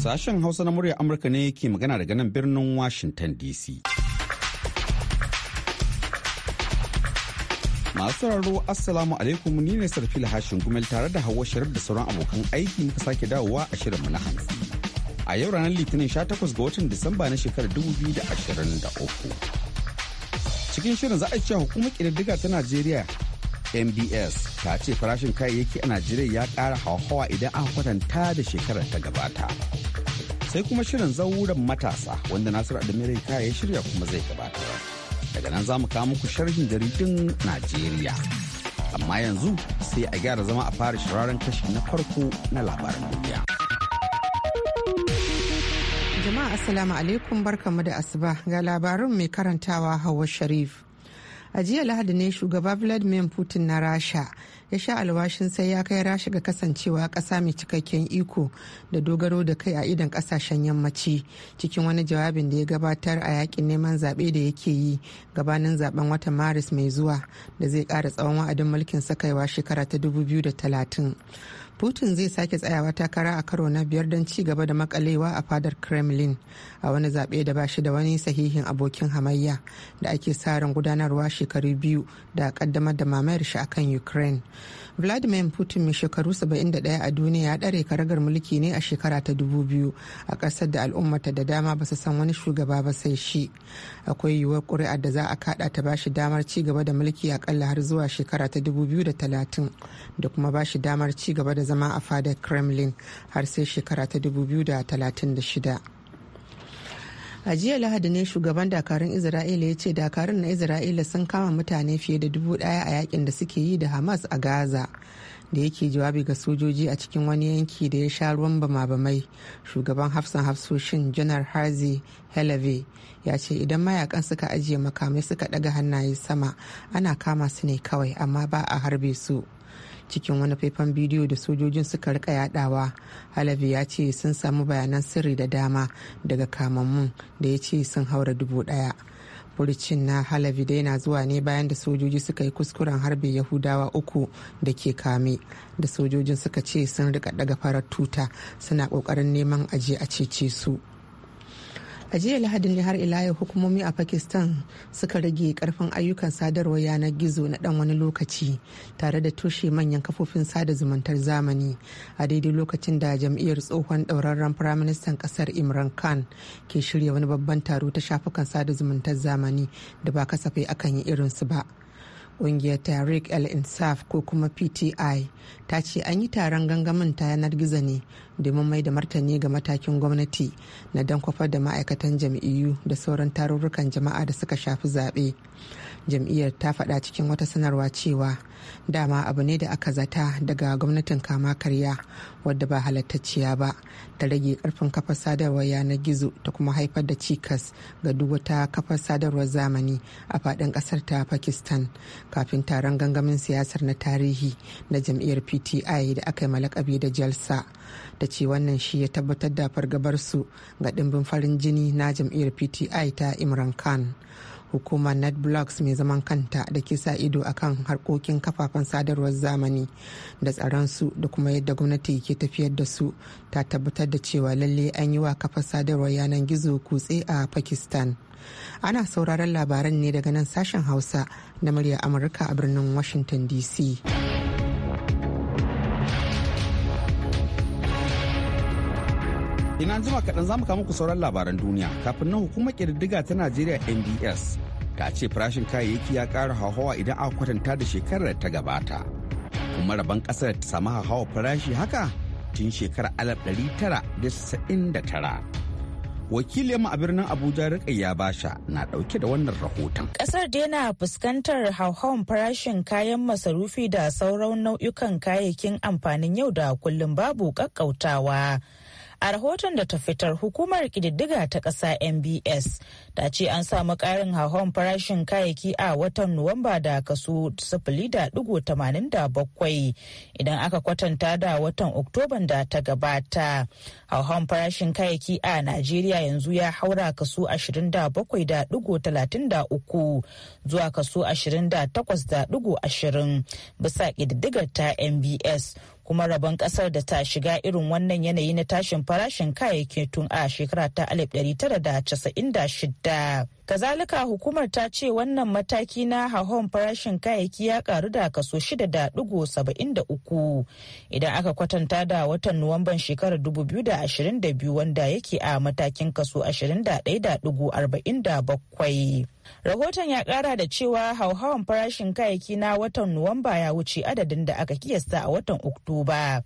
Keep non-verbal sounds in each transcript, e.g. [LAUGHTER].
Sashen Hausa na murya Amurka ne ke magana daga nan birnin Washington DC. Masu raro Assalamu alaikum ni ne sarfi Hashin Gumel tare da Hauwa sharar da sauran abokan aiki muka sake dawowa a shirinmu na hantsi. A yau ranar Litinin 18 ga watan Disamba na shekarar 2023. Cikin shirin za a cewa hukumar ƙididdiga ta Najeriya mbs ta ce farashin kayayyaki a najeriya ya kara hauhawa idan aka kwatanta da shekarar ta gabata sai kuma shirin zauren matasa wanda Nasiru ya kaya ya shirya kuma zai gabata daga nan za mu kawo muku sharhin jaridun najeriya amma yanzu sai a gyara zama a fara shiraren kashi na farko na labaran duniya jama'a assalamu alaikum barkamu da asuba ga labarin mai karantawa hawa sharif a jiya lahadi ne shugaba vladimir putin na rasha ya sha alwashin sai ya kai rasha ga kasancewa ƙasa mai cikakken iko da dogaro da kai a idan ƙasashen yammaci cikin wani jawabin da ya gabatar a yakin neman zaɓe da yake yi gabanin zaben watan maris mai zuwa da zai ƙara tsawon wa'adin mulkin sakaiwa shekara ta 2030 putin zai sake tsayawa takara a karo na biyar don ci gaba da makalewa a fadar kremlin a wani zaɓe da ba shi da wani sahihin abokin hamayya da ake sa ran gudanarwa shekaru biyu da kaddamar da mamayar shi akan ukraine vladimir putin mai shekaru 71 a duniya ya ɗare karagar mulki ne a shekara ta 2000 a ƙasar da al'ummata da dama ba su san wani shugaba ba sai shi akwai yiwuwar ƙuri'ar da za a kaɗa ta ba shi damar ci gaba da mulki akalla har zuwa shekara ta 2030 da kuma bashi damar ci gaba da zama a fadar kremlin har sai shekara ta 2036 a jiya lahadi ne shugaban dakarun isra'ila ya ce dakarun na isra'ila sun kama mutane fiye da dubu daya a yakin da suke yi da hamas a gaza da yake jawabi ga sojoji a cikin wani yanki da ya sha ruwan bama-bamai shugaban hafsan hafsoshin janar harzi helave ya ce idan mayakan suka ajiye makamai suka daga hannaye sama ana kama su ne kawai amma ba a harbe su cikin wani faifan bidiyo da sojojin suka rika yadawa halabi ya ce sun samu bayanan sirri da dama daga kamammun da ya ce sun haura dubu daya furicin na halabi dai na zuwa ne bayan da sojoji suka yi kuskuren harbe yahudawa uku da ke kame da sojojin suka ce sun rika daga farar tuta suna kokarin neman aje a cece su a jiya lahadin ne har ila yau hukumomi a pakistan suka rage karfin ayyukan sadarwar yanar gizo na dan wani lokaci tare da toshe manyan kafofin sada zumuntar zamani a daidai lokacin da jam'iyyar tsohon ɗaurarren firaministan ƙasar imran khan ke shirya wani babban taro ta shafukan sada zumuntar zamani da ba kasafai akan yi irinsu ba kungiyar tariq al-insaf ko kuma pti ta ce an yi taron gangamin ta yanar gizo ne domin mai da martani ga matakin gwamnati na dankwafar da ma'aikatan jam'iyyu da sauran tarurrukan jama'a da suka shafi zaɓe jam'iyyar ta faɗa cikin wata sanarwa cewa dama abu ne da aka zata daga gwamnatin kama karya wadda ba halattacciya ba ta rage karfin kafar sadarwar yanar gizo ta kuma haifar da cikas ga duk wata kafar sadarwar zamani a faɗin ƙasar ta pakistan kafin taron gangamin siyasar na tarihi na jam'iyyar pti da aka yi malakabi da jalsa ta ce wannan shi ya tabbatar da fargabarsu ga ɗimbin farin jini na jam'iyyar pti ta imran khan hukumar netblocks mai zaman kanta da ke sa ido kan harkokin kafafen sadarwar zamani da tsaransu da kuma yadda gwamnati ke tafiyar da su ta tabbatar da cewa lalle an yi wa kafar sadarwar yanar gizo kutse a pakistan ana sauraron labaran ne daga nan sashen hausa na murya amurka a birnin washington dc ina jima kaɗan za mu kawo muku sauran labaran duniya kafin nan hukumar ƙididdiga ta najeriya nds ta ce farashin kayayyaki ya ƙara hauhawa idan aka kwatanta da shekarar ta gabata kuma rabon ƙasar ta samu hauhawar farashi haka tun shekarar 1999 yamma a birnin abuja ya basha na dauke da wannan rahoton kasar yana fuskantar hauhawan farashin kayan masarufi da sauran nau'ikan kayayyakin amfanin yau da kullum babu kakkautawa a rahoton da ta fitar hukumar ƙididdiga ta ƙasa mbs ta ce an samu ƙarin hahon farashin kayayyaki a watan nuwamba da kaso 0.87 idan aka kwatanta da watan oktoban da ta gabata hauhan farashin kayayyaki a najeriya yanzu ya haura kaso 27.33 zuwa kaso 28.20 bisa ƙididdigar ta mbs kuma rabon kasar da ta shiga irin wannan yanayi na tashin farashin kayayyaki tun a shekara ta 1996 Kazalika hukumar ta ce wannan mataki na hahon farashin kayayyaki ya karu da kaso 6.73 idan aka kwatanta da watan Nuwamban shekarar 2022 wanda yake a matakin kaso 21.47. Rahoton ya kara da cewa hauhawan farashin kayayyaki na watan Nuwamba ya wuce adadin da aka kiyasta a watan Oktoba.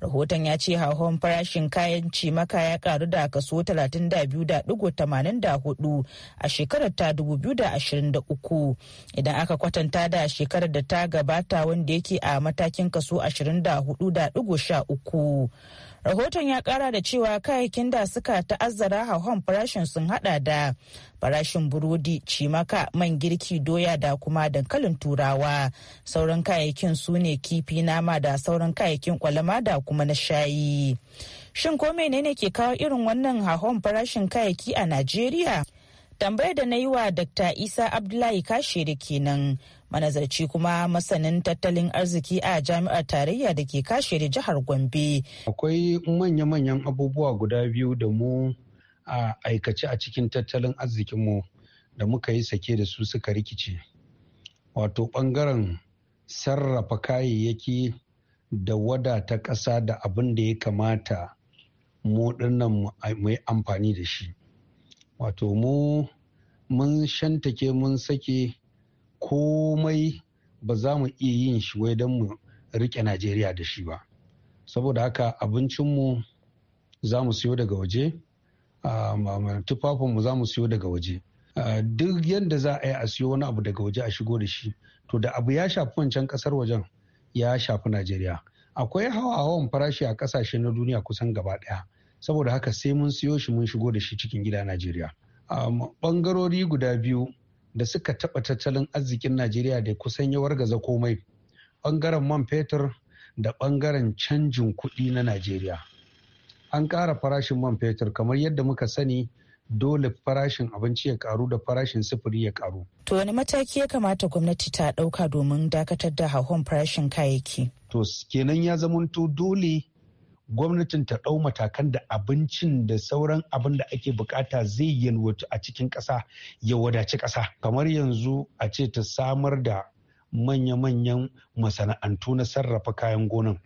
rahoton ya ce hauhawar farashin kayan cimaka ya karu da kaso 32.84 a shekarar ta 2023 idan aka kwatanta da shekarar da ta gabata wanda yake a matakin kaso 24.13 rahoton ya kara da cewa kayayyakin da suka ta'azzara hauhan farashin sun hada da farashin burodi cimaka man girki doya da kuma dankalin turawa sauran kayayyakin su ne kifi nama da sauran kayayyakin kwalama da kuma na shayi shin ko menene ke kawo irin wannan hauhan farashin kayayyaki a najeriya tambayar da na yi wa dr isa abdullahi kashere kenan manazarci kuma masanin tattalin arziki a jami'ar tarayya da ke kashe da jihar gombe akwai manya-manyan abubuwa guda biyu da mu a aikace a cikin tattalin arzikinmu da muka yi sake da su suka rikice wato bangaren sarrafa kayayyaki da wadata ƙasa da abin da ya kamata mu dinnan mai amfani da shi wato mu mun shantake mun sake komai ba za mu iya yin shi wai don mu rike najeriya da shi ba saboda haka abincinmu za mu siyo daga waje tufafinmu za mu siyo daga waje duk yadda za a yi a siyo wani abu daga waje a shigo da shi to da abu ya shafi wancan kasar wajen ya shafi najeriya akwai hawa-hawan farashi a kasashe na duniya kusan gaba daya saboda haka sai mun siyo shi mun shigo da shi cikin gida najeriya bangarori guda biyu da suka taɓa tattalin arzikin najeriya da kusan ya wargaza komai ɓangaren man fetur da ɓangaren canjin kuɗi na najeriya an ƙara farashin man fetur kamar yadda muka sani dole farashin abinci ya ƙaru da farashin sufuri ya ƙaru. To wani mataki ya kamata gwamnati ta ɗauka domin dakatar da hauhawar farashin kayayyaki? To kenan ya zamanto dole gwamnatin ta ɗau matakan da abincin da sauran abin da ake bukata zai yalwatu a cikin ƙasa ya wadaci ƙasa kamar yanzu a ce ta samar da manya-manyan masana'antu na sarrafa kayan gonan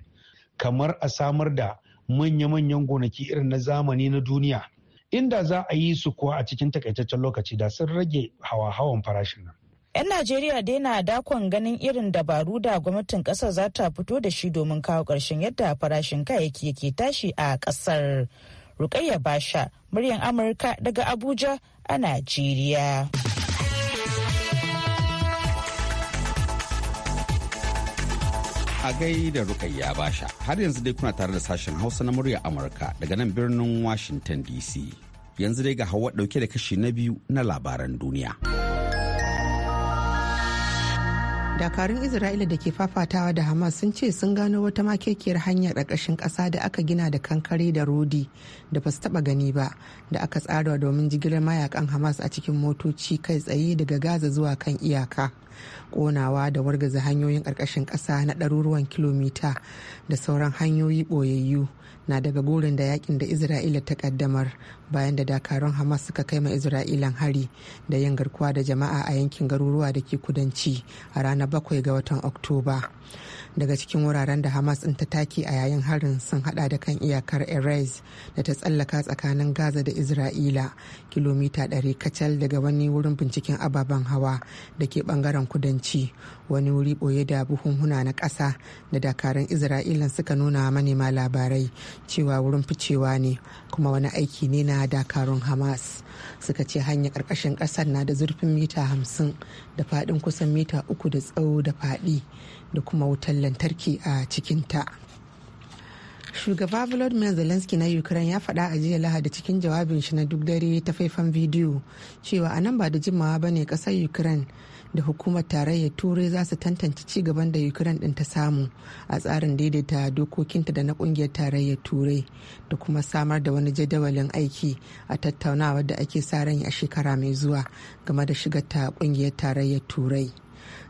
kamar a samar da manya-manyan gonaki irin na zamani na duniya inda za a yi su kuwa a cikin takaitaccen lokaci da sun rage hawa-hawan farashin nan 'Yan Najeriya dai na dakon ganin irin dabaru da gwamnatin kasar za ta fito da shi domin kawo ƙarshen yadda farashin kayayyaki yake tashi a ƙasar. Rukayya Basha, muryar Amurka daga Abuja a Najeriya. A gai Rukayya Basha, har yanzu dai kuna tare da sashen Hausa na muryar Amurka daga nan birnin Washington DC. Yanzu dai ga hawa dauke da kashi na biyu na labaran duniya. dakarun isra'ila da ke fafatawa da hamas sun ce sun gano wata makekiyar hanyar ƙarƙashin ƙasa da aka gina da kankare da rodi da ba su taɓa gani ba da aka tsara domin jigilar mayakan hamas a cikin motoci kai tsaye daga gaza zuwa kan iyaka konawa da wargaza hanyoyin ƙarƙashin ƙasa na ɗaruruwan kilomita da sauran hanyoyi ɓoyayyu na daga gurin da yakin da isra'ila ta kaddamar bayan da dakarun hamas suka kai ma isra'ilan hari da yin garkuwa da jama'a a yankin garuruwa da ke kudanci a ranar bakwai ga watan oktoba daga cikin wuraren da hamas din ta take a yayin harin sun hada da kan iyakar erez da ta tsallaka tsakanin gaza da isra'ila kilomita 100 kacal daga wani wurin binciken ababen hawa da ke bangaren kudanci wani wuri boye da buhunhuna na ƙasa da dakarun isra'ila suka nuna manema labarai cewa wurin ficewa ne kuma wani aiki ne na dakarun hamas suka ce hanyar karkashin ƙasar na da zurfin mita 50 da faɗin kusan mita uku da tsawo da faɗi da kuma wutar lantarki a cikinta shugaba volodymyr zelensky na ukraine ya faɗa a jiya lahadi cikin jawabin shi na duk dare ta faifan bidiyo cewa a nan ba da jimawa ba ne ƙasar ukraine da hukumar tarayyar turai za su tantance ci gaban da ukraine din ta samu a tsarin daidaita dokokinta da na kungiyar tarayyar turai da kuma samar da wani jadawalin aiki a tattaunawa da ake sa ran a shekara mai zuwa game da shigar ta kungiyar tarayyar turai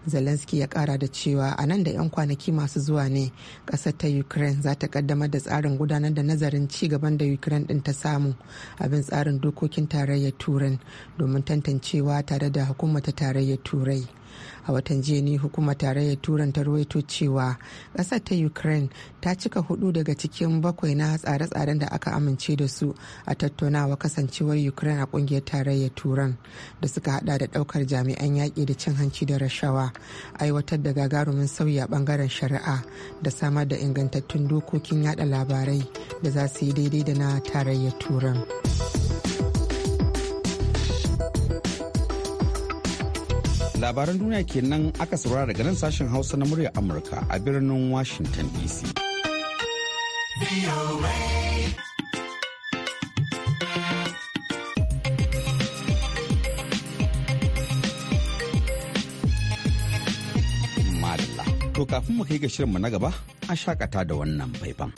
zelensky ya kara da cewa a nan da 'yan kwanaki masu zuwa ne kasar ta ukraine za ta kaddamar da tsarin gudanar da nazarin ci gaban da ukraine din ta samu abin tsarin dokokin tarayyar turai domin tantancewa tare da hukumar tarayyar turai a watan jiya ni hukumar tarayyar turan ta ruwaito cewa ƙasar ta ukraine ta cika hudu daga cikin bakwai na tsare-tsaren da aka amince da su a tattaunawa kasancewar ukraine a ƙungiyar tarayyar turan da suka hada da daukar jami'an yaƙi da cin hanci da rashawa aiwatar da gagarumin sauyi a bangaren shari'a da samar da ingantattun dokokin yada labarai da za su yi daidai da na tarayyar turan. labaran duniya kenan aka saurara daga nan sashen hausa na murya amurka a birnin washington dc To kafin mu kai ga shirinmu na gaba an shakata da wannan faifan.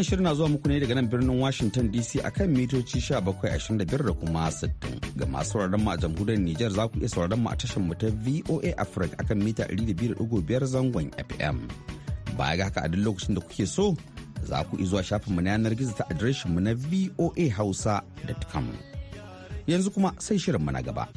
Wannan shirin na zuwa muku ne daga nan birnin Washington DC akan mitoci 1725 da kuma 60. Ga masu sauraron mu a jamhuriyar Nijar za ku iya sauraron mu a tashar mu ta VOA Africa akan mita 200.5 zangon FM. Baya ga haka a duk lokacin da kuke so za ku iya zuwa shafin mu na yanar gizo ta adireshin mu na voahausa.com. Yanzu kuma sai shirin mu na gaba.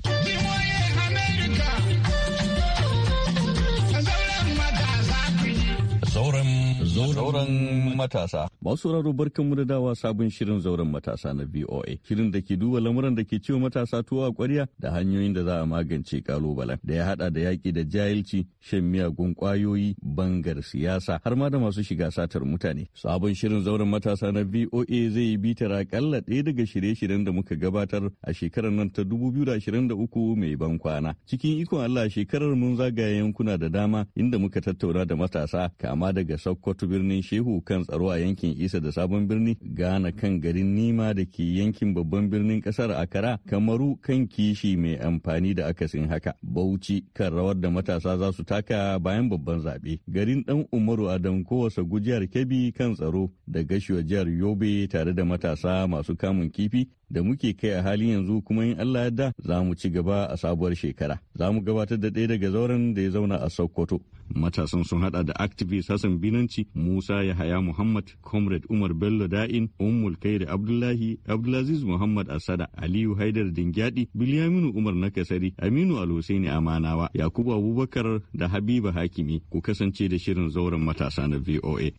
Zauren Zauren matasa. Masu sauraro barkanmu da dawa sabon shirin zauren matasa na VOA. Shirin da ke duba lamuran da ke ciwo matasa tuwa kwarya da hanyoyin da za a magance kalubalen da ya hada da yaƙi da jahilci, shan miyagun kwayoyi, bangar siyasa har ma da masu shiga satar mutane. Sabon shirin zauren matasa na VOA zai yi bitar akalla ɗaya daga shirye-shiryen da muka gabatar a shekarar nan ta da uku mai ban kwana. Cikin ikon Allah shekarar mun zagaya yankuna da dama inda muka tattauna da matasa kama kama daga Sokoto birnin Shehu kan tsaro a yankin Isa da Sabon Birni, Gana kan garin Nima da ke yankin babban birnin kasar Akara, Kamaru kan kishi mai amfani da akasin haka, Bauchi kan rawar da matasa za su taka bayan babban zaɓe, garin ɗan Umaru dan kowace gujiyar Kebbi kan tsaro da gashiwa jihar Yobe tare da matasa masu kamun kifi da muke kai a halin yanzu kuma in Allah da za mu ci gaba a sabuwar shekara. Za mu gabatar da ɗaya daga zauren da ya zauna a Sokoto. Matasan sun hada da activist Hassan Binanci, Musa Yahaya Muhammad, Comrade Umar Bello Da'in, Ummul Kairi Abdullahi, Abdulaziz Muhammad Asada, Aliyu Haidar Dingyadi, Bilyaminu Umar Nakasari, Aminu Alhusaini Amanawa, Yakubu Abubakar da Habiba Hakimi. Ku kasance da shirin zauren matasa na VOA.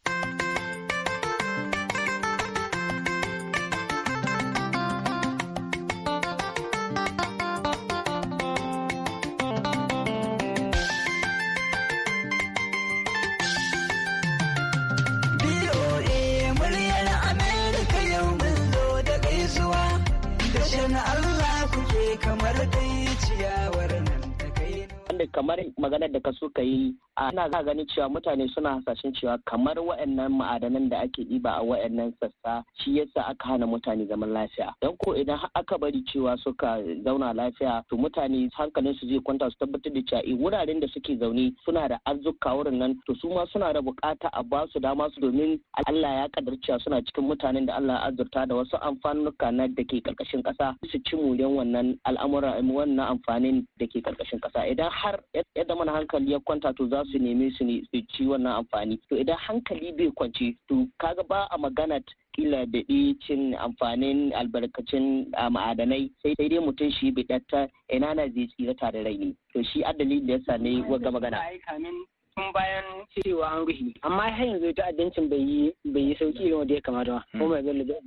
da ka so ka yi ana za ganin cewa mutane suna hasashen cewa kamar waɗannan ma'adanan da ake ɗiba a waɗannan sassa shi yasa aka hana mutane zaman lafiya don ko idan aka bari cewa suka zauna lafiya to mutane hankalin su zai kwanta su tabbatar da cewa eh, wuraren da suke zaune suna da arzuka wurin nan to su ma suna da bukata a ba su dama su domin Allah ya kaddar cewa suna cikin mutanen da Allah ya azurta da wasu amfanuka na da ke karkashin kasa su ci muriyan wannan al'amura wannan amfanin da ke karkashin kasa idan har ya mana hankali ya kwanta to za su neme su ne su ci wannan amfani to idan hankali bai kwance to kaga ba a magana kila da cin amfanin albarkacin ma'adanai sai dai mutum shi bidatta ina na zai tsira tare rai ne to shi adalin da ya sami wagga magana tun bayan cewa an ruhi amma yanzu ta ta'addancin bai yi sauki irin wanda ya kamata ba ko mai zalla don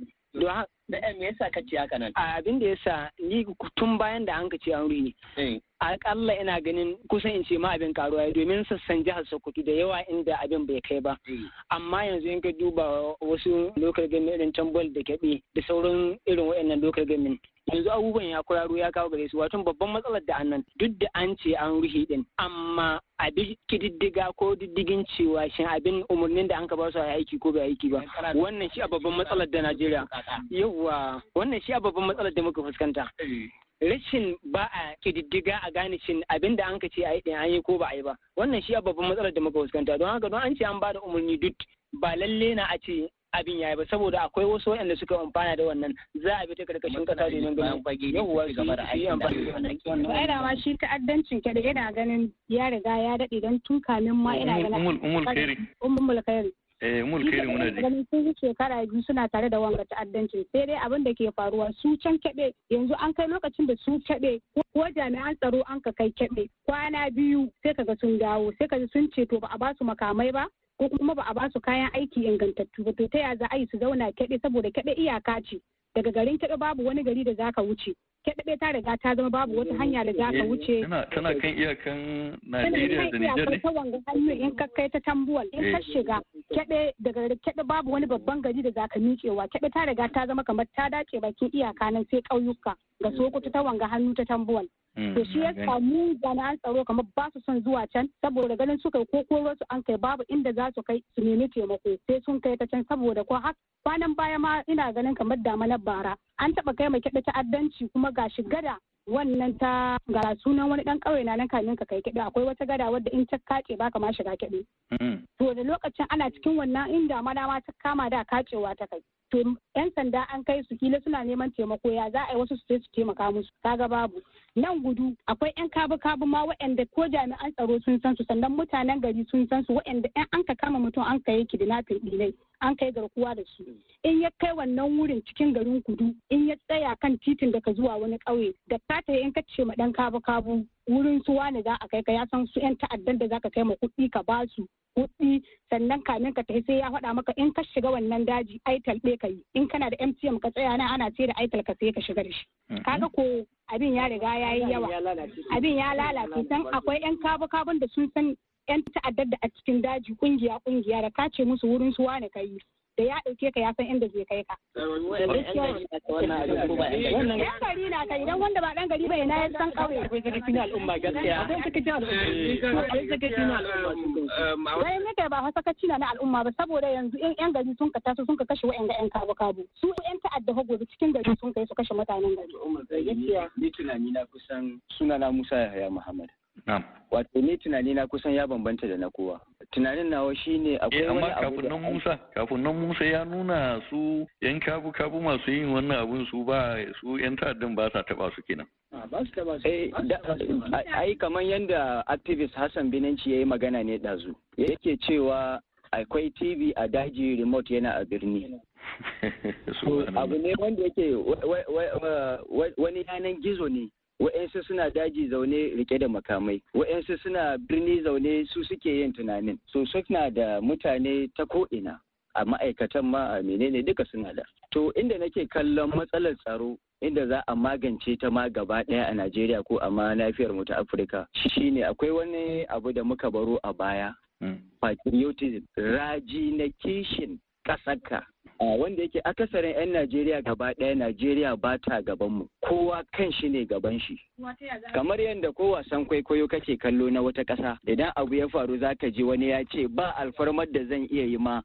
Da eh, me yasa ka ce haka nan abin da yasa ni tun bayan da an ka ce an ne eh. akalla ina ganin kusan in ce ma abin karuwa domin sassan jihar Sokoto da yawa inda abin bai kai ba eh. amma yanzu in ka duba wasu local government irin Tambol da Kebbi da sauran irin waɗannan local government yanzu abubuwan ya kuraru ya kawo gare su wato babban matsalar da annan duk da an ce an ruhe din amma abin kididdiga ko diddigin cewa shin abin umarnin da an ka ba su aiki ko bai aiki ba wannan shi a babban matsalar da Najeriya yau yawa wannan shi a babban matsalar da muka fuskanta eh. rashin ba a kididdiga a gane shin abin da an ka ce a yi an yi ko ba a yi ba wannan shi a babban matsalar da muka fuskanta don haka don an ce an ba da umarni duk ba lalle na a ce abin yayi ba saboda akwai wasu waɗanda suka amfana da wannan za a bi ta karkashin kasa domin ganin yawwa su yi amfani da wannan to shi ma shi ta'addancin da ina ganin ya riga ya daɗe don tun kamin ma ina ganin umul umul kairi umul kairi Eh, mun kai da muna ji. Sun shekara biyu suna tare da wanga ta'addancin. Sai dai abin da ke faruwa su can kebe yanzu an kai lokacin da su kebe ko jami'an tsaro an ka kai kebe kwana biyu sai kaga sun dawo sai kaga sun ce to ba a basu makamai ba ko kuma ba a basu kayan aiki ingantattu ba to ta ya za a yi su zauna kebe saboda kebe iyaka ce daga garin kebe babu wani gari da zaka wuce keɓe ta riga ta zama babu wata hanya da za ka wuce. Tana kan iyakan Najeriya da Nijar ne? Tana kan iyakan hannu in ka kai ta tambuwal in ka eh. shiga daga babu wani babban gari da za ka miƙewa keɓe ta riga ta zama kamar ta dace bakin iyaka nan sai kauyuka ga Sokoto ta wanga hannu ta tambuwal. Mm, to shi ya samu jami'an tsaro kamar ba su son zuwa can saboda ganin suka ko ko su an kai babu inda za su kai su nemi taimako sai sun kai ta can saboda ko haka kwanan baya ma ina ganin kamar da mana bara an taba kai mai kiɗa ta'addanci kuma ga gada wannan ta ga sunan wani dan kauye na nan kamin ka kai kiɗa akwai wata gada wadda in ta kace baka ma shiga kiɗi mm. to da lokacin ana cikin wannan inda ma ta kama da kacewa ta kai to yan sanda an kai su kila suna neman taimako ya za a yi wasu su su taimaka musu kaga babu nan gudu akwai yan kabu kabu ma waɗanda ko jami'an tsaro sun san su sannan mutanen gari sun san su waɗanda yan an ka kama mutum an kai kidnapping dinai an kai garkuwa da su in ya kai wannan wurin cikin garin kudu in ya tsaya kan titin daga zuwa wani ƙauye da ka ta in ka ce ma ɗan kabu kabu wurin su wani za a kai ka ya san su yan ta'addan da za ka kai ma kuɗi ka ba su kuɗi sannan kamin ka tafi sai ya faɗa maka in ka shiga wannan daji aital ɗaya ka yi in kana da MTM ka tsaya na ana ce da aital ka sai ka shiga da shi mm-hmm. kaga ko abin ya riga ya yi yawa abin ya lalace san akwai yan kabu kabun da sun san yan ta'addar da a cikin daji kungiya kungiya da kace musu wurin su wane ka yi da ya ɗauke ka ya san inda zai kai ka. Yan gari na ka idan wanda ba ɗan gari bai na ya san ƙauye. Akwai sakacin al'umma gaskiya. Akwai sakacin eh, al'umma. Akwai sakacin al'umma. ba fa sakacin na al'umma ba saboda yanzu ƴan gari sun ka taso sun ka kashe wa'yan ga yan kabu kabu. Su ƴan ta'adda fa gobe cikin gari sun kai su kashe mutanen gari. Ni tunani na kusan sunana Musa Yahaya Muhammad. Wato ni tunani na kusan ya bambanta da na kowa. tunanin nawa ne eh, akwai wani abu kafin nan Musa kafin nan Musa ya nuna su yan kabu kabu masu yin wannan abun su ba su yan ta'addan ba sa taba su kenan ah, ba su taba su eh, ai kamar yanda activist Hassan Binanci yayi magana ne dazu yake cewa akwai TV a daji remote yana a birni [LAUGHS] abu ne wanda yake wani yanan gizo ne wa'yansu suna daji zaune rike da makamai wa'yansu suna birni zaune su suke yin tunanin so suna da mutane ta ko'ina a ma'aikatan ma a menene duka suna da to inda nake kallon matsalar tsaro inda za a magance ta ma gaba ɗaya a Najeriya ko a ma lafiyar mu ta Afirka shine akwai wani abu da muka baro a baya mm. patriotism raji na kishin ƙasarka wanda yake akasarin 'yan Najeriya gaba ɗaya Najeriya ba ta gabanmu kowa kan shi ne gaban shi kamar yadda ko wasan kwaikwayo kake kallo na wata ƙasa idan abu ya faru zaka ka ji wani ya ce ba alfarmar da zan iya yi ma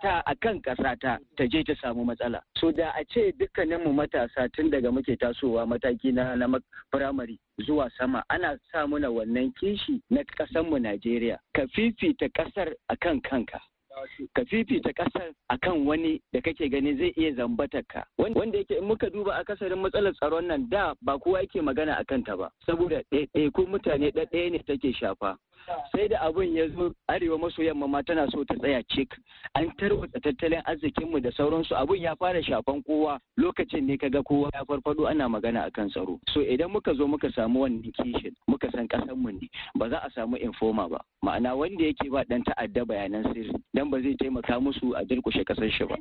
ta, a kan ƙasata ta ta je ta samu matsala so da a ce dukkaninmu matasa tun daga muke tasowa mataki na na firamare zuwa sama ana sa muna wannan kishi na ƙasarmu Najeriya ka fifita ƙasar akan kanka ka fifita kasar akan wani da kake gani zai iya zambatarka ka wanda yake in muka duba akasarin matsalar tsaron nan da ba kowa yake magana akan ta ba saboda ko mutane ɗaɗɗaya ne take shafa sai da abin ya zo arewa maso yamma ma tana so ta tsaya cik an tarwata tattalin arzikinmu da sauransu abun ya fara shafan kowa lokacin ne kaga kowa ya farfado ana magana akan tsaro so idan muka zo muka samu wannan kishin muka san kasanmu ne ba za a samu informa ba ma'ana wanda yake ba dan ta'adda bayanan sirri dan ba zai taimaka musu a durkushe kasar shi ba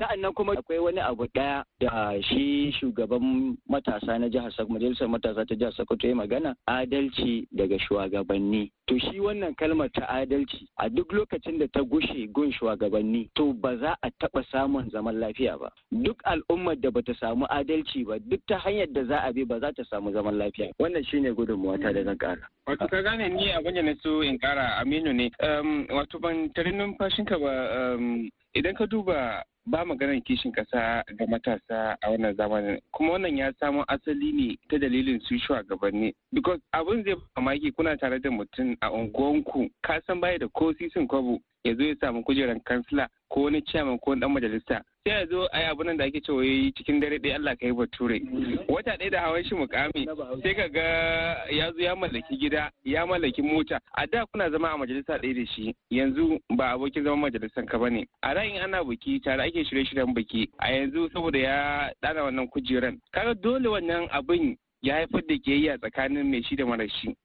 sa'annan kuma akwai wani abu daya da shi shugaban matasa na jihar majalisar matasa ta jihar sokoto ya magana adalci daga shugabanni to shi wannan kalmar ta adalci a duk lokacin da ta gushe gun shugabanni to ba za a taɓa samun zaman lafiya ba duk al'ummar da bata samu adalci ba duk ta hanyar da za a bi ba za ta samu zaman lafiya wannan shine gudunmuwa ta da zan kara wato ka gane ni abin da na so in kara aminu ne wato ban tare numfashinka ba idan ka duba ba maganar kishin kasa ga matasa a wannan zamanin kuma wannan ya samo asali ne ta dalilin su shugabanni because abin zai mamaki kuna tare da mutum a unguwanku ka san baya da ko sisin kwabo ya zo ya samu kujerar kansila ko wani ciyaman ko dan majalisa sai ya zo a yi nan da ake cewa yi cikin dare ɗaya Allah ka bature wata ɗaya da hawan shi mukami sai ka ga ya zo ya mallaki gida ya mallaki mota a da kuna zama a majalisa ɗaya da shi yanzu ba abokin zaman majalisan ka bane a ra'ayin ana buki tare ake ake shirye-shiryen biki a yanzu saboda ya dana wannan kujeran kaga dole wannan abin ya haifar da kiyayya tsakanin mai shi da mara shi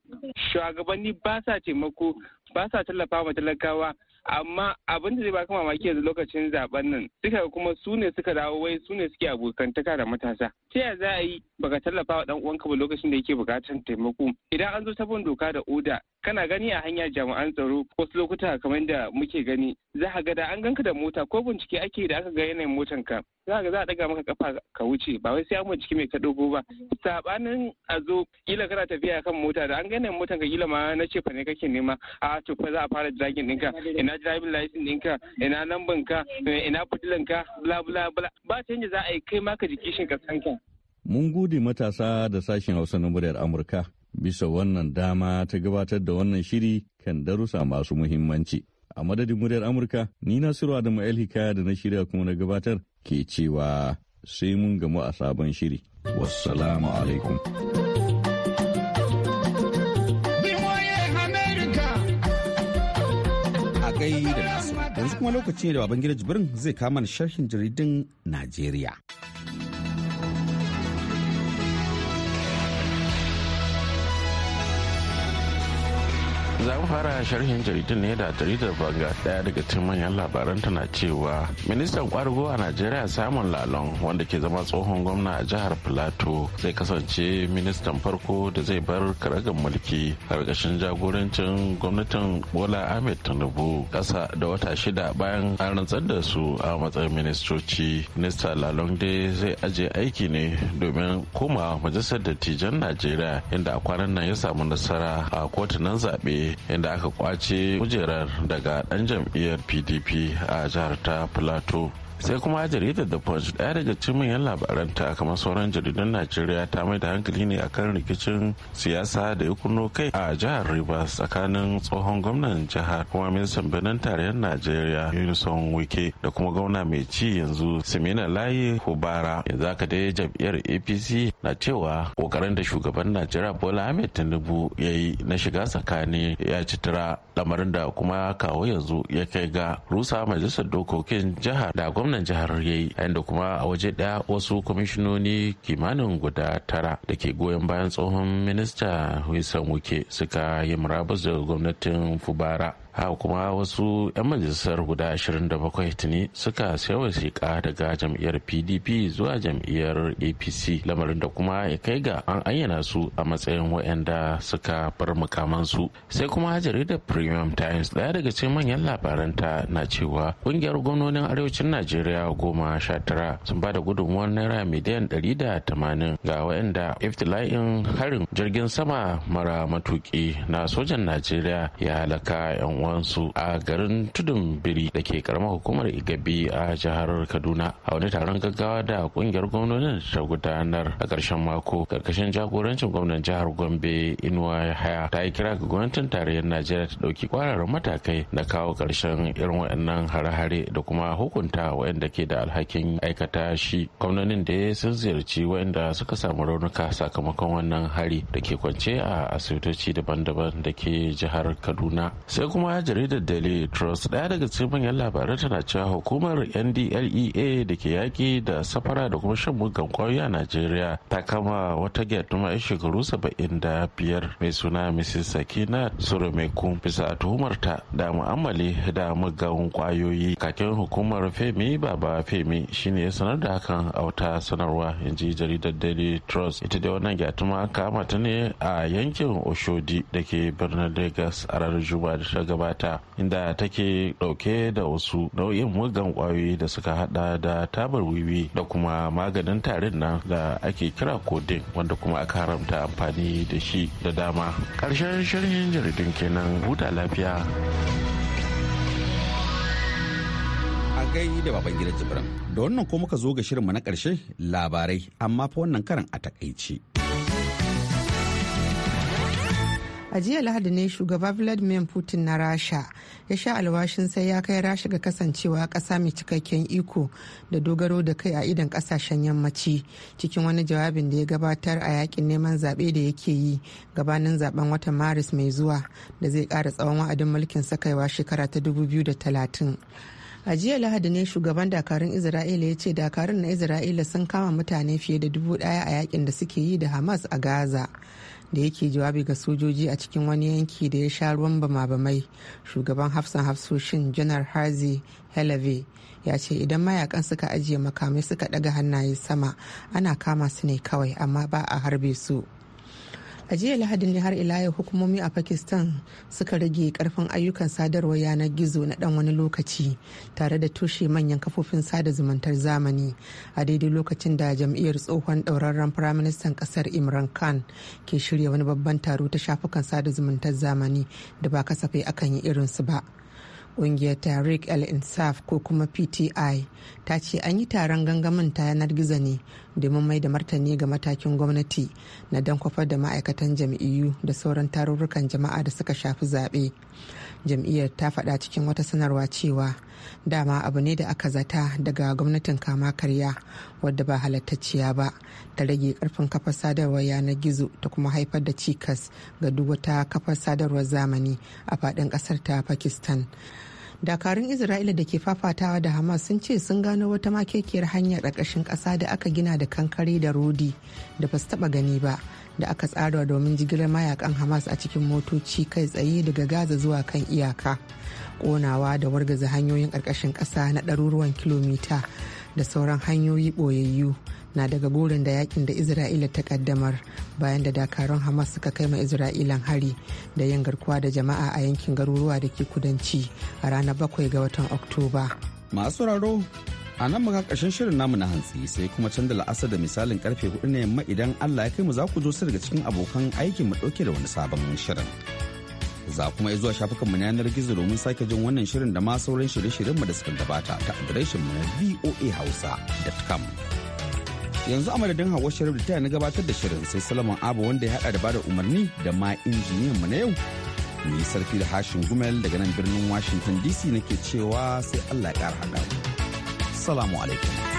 shugabanni ba sa taimako ba sa tallafa wa talakawa amma abin da zai baka mamaki yanzu lokacin zaben nan suka kuma su ne suka dawo wai su ne suke abokantaka da matasa ta ya za a yi baka tallafa wa dan uwanka ba lokacin da yake bukatar taimako idan an zo sabon doka da oda kana gani a hanyar jami'an tsaro wasu lokuta kamar da muke gani za ka ga da an ganka da mota ko bincike ake da aka ga yanayin motan ka za ka za a daga maka kafa ka wuce ba wai sai an bincike mai ka dogo ba sabanin a zo kila kana tafiya kan mota da an ga yanayin motan ka kila ma na ce fa ne kake nema a to fa za a fara dragin ɗinka ina ina driving license ɗinka ina lamban ka ina fitilan ka bla bla bla ba ta za a yi kai ma ka jiki shin Mun gode matasa da sashen Hausa na muryar Amurka bisa wannan dama ta gabatar da wannan shiri kan darussa masu muhimmanci. A madadin muryar Amurka, ni Nasiru Adamu El Hikaya da na shirya kuma na gabatar ke cewa sai mun gamu a sabon shiri. Wassalamu alaikum. kai da nasu yanzu kuma lokaci ne da baban gida jibrin zai kama sharhin jaridun najeriya za mu fara sharhin jaridun ne da jaridar banga daya daga cikin manyan labaran tana cewa ministan kwargo a najeriya simon lalon wanda ke zama tsohon gwamna a jihar plateau zai kasance ministan farko da zai bar karagar mulki karkashin jagorancin gwamnatin bola ahmed tinubu kasa da wata shida bayan an rantsar da su a matsayin ministoci minista lalon dai zai aje aiki ne domin koma majalisar dattijan najeriya inda a kwanan nan ya samu nasara a kotunan zaɓe inda aka kwace kujerar daga ɗan jam'iyyar pdp a jihar ta plateau sai kuma jaridar da punch daya daga cikin manyan labaranta kamar sauran jaridun najeriya ta mai da hankali ne akan rikicin siyasa da ya kuno kai a jihar rivers tsakanin tsohon gwamnan jihar kuma ministan birnin tarayyar najeriya unison wike da kuma gwamna mai ci yanzu simina layi hubara yanzu aka dai jam'iyyar apc na cewa kokarin da shugaban najeriya bola ahmed tinubu ya yi na shiga tsakani ya ci tura lamarin da kuma kawo yanzu ya kai ga rusa majalisar dokokin jihar da gwamnan jihar ya yi inda kuma a waje ɗaya wasu kwamishinoni kimanin guda tara da ke goyon bayan tsohon minista wilson wuke suka yi murabus da gwamnatin fubara haka kuma wasu 'yan majalisar guda 27 tuni suka sai wasiƙa daga jam'iyyar pdp zuwa jam'iyyar apc lamarin da kuma ya kai ga an ayyana su a matsayin wa'anda suka bar mukamansu sai kuma jaridar premium times daya daga cikin manyan labaranta na cewa ƙungiyar gwamnonin arewacin najeriya goma sha tara sun ba da gudunmuwar naira miliyan ɗari da tamanin ga waanda iftila'in harin jirgin sama mara matuƙi na sojan najeriya ya halaka 'yan wasu a garin tudun biri da ke karamar hukumar igabi a jihar kaduna a wani taron gaggawa da kungiyar gwamnonin ta gudanar a karshen mako karkashin jagorancin gwamnan jihar gombe inuwa haya ta yi kira ga gwamnatin tarayyar najeriya ta ɗauki kwararan matakai na kawo karshen irin waɗannan hare-hare da kuma hukunta waɗanda ke da alhakin aikata shi gwamnonin da sun ziyarci waɗanda suka samu raunuka sakamakon wannan hari da ke kwance a asibitoci daban-daban da ke jihar kaduna sai kuma ma jaridar daily trust daya daga cikin manyan labarai tana cewa hukumar ndlea da ke yaki da safara da kuma shan mugan kwayoyi a najeriya ta kama wata gyatuma ya shekaru saba'in da biyar mai suna mrs sakina surumekun bisa a tuhumarta da mu'amali da mugan kwayoyi kakin hukumar femi baba femi shine ya sanar da hakan a wata sanarwa in ji jaridar daily trust ita dai wannan gyatuma kama ta ne a yankin oshodi da ke birnin lagos a ranar juma'a da ta gabata gabata inda take dauke da wasu nau'in muggan kwayoyi da suka hada da tabar wiwi da kuma maganin tarin nan da ake kira kodin wanda kuma aka haramta amfani da shi da dama karshen shirin jaridun kenan huta lafiya a gai da baban gida jibran da wannan ko muka zo ga shirinmu na karshe labarai amma fa wannan karan a takaice. a jiya lahadi ne shugaba vladimir putin na rasha ya sha alwashin sai ya kai rasha ga kasancewa kasa mai cikakken iko da dogaro da kai a idan kasashen yammaci cikin wani jawabin da ya gabatar a yakin neman zaɓe da yake yi gabanin zaben watan maris mai zuwa da zai ƙara tsawon wa'adin mulkin sakaiwa shekara ta 2030 a jiya lahadi ne shugaban dakarun isra'ila ya ce dakarun na isra'ila sun kama mutane fiye da dubu daya a yakin da suke yi da hamas a gaza da yake jawabi ga sojoji a cikin wani yanki da ya sha ruwan bama-bamai shugaban hafsan hafsoshin janar harzi helave ya ce idan mayakan suka ajiye makamai suka daga hannaye sama ana kama su ne kawai amma ba a harbe su a jiya lahadin ne har ila yau hukumomi a pakistan suka rage karfin ayyukan sadarwar yanar gizo na dan wani lokaci tare da toshe manyan kafofin sada zumuntar zamani a daidai lokacin da jam'iyyar tsohon ɗaurarren firaministan ƙasar imran khan ke shirya wani babban taro ta shafukan sada zumuntar zamani da ba kasafai akan yi irinsu ba kungiyar tariq al-insaf ko kuma pti ta ce an yi taron gangamin ta yanar gizo ne domin mai da martani ga matakin gwamnati na dan kwafar da ma'aikatan jam'iyyu da sauran tarurrukan jama'a da suka shafi zaɓe jam'iyyar ta faɗa cikin wata sanarwa cewa dama abu ne da aka zata daga gwamnatin kama karya wadda ba halattacciya ba ta rage karfin kafar sadarwar yanar gizo ta kuma haifar da cikas ga duk wata kafar sadarwar zamani a faɗin ƙasar ta pakistan dakarun isra'ila da ke fafatawa da hamas sun ce sun gano wata makekiyar hanyar ƙarƙashin ƙasa da aka gina da kankare da rodi da ba su taɓa gani ba da aka tsara domin jigilar mayakan hamas a cikin motoci kai tsaye daga gaza zuwa kan iyaka ƙonawa da wargaza hanyoyin ƙarƙashin ƙasa na ɗaruruwan kilomita da sauran hanyoyi ɓoyayyu na daga burin da yakin da isra'ila ta kaddamar bayan da dakarun hamas suka kai ma isra'ilan hari da yin garkuwa da jama'a a yankin garuruwa da ke kudanci a ranar bakwai ga watan oktoba masu raro a nan muka shirin namu na hantsi sai kuma canza la'asar da misalin karfe hudu na yamma idan allah ya kai mu za ku zo su daga cikin abokan aikin mu dauke da wani sabon shirin za kuma ya zuwa mu na yanar gizo domin sake jin wannan shirin da ma sauran shirye-shiryenmu da suka gabata ta adireshin mu na voahausa.com yanzu a madadin hawa sharif da ta na gabatar da shirin sai salaman abu wanda ya hada da bada umarni da ma injiniyan mu na yau ni sarfi da hashin gumel daga nan birnin washington dc nake cewa sai allah ya kara haɗa salamu alaikum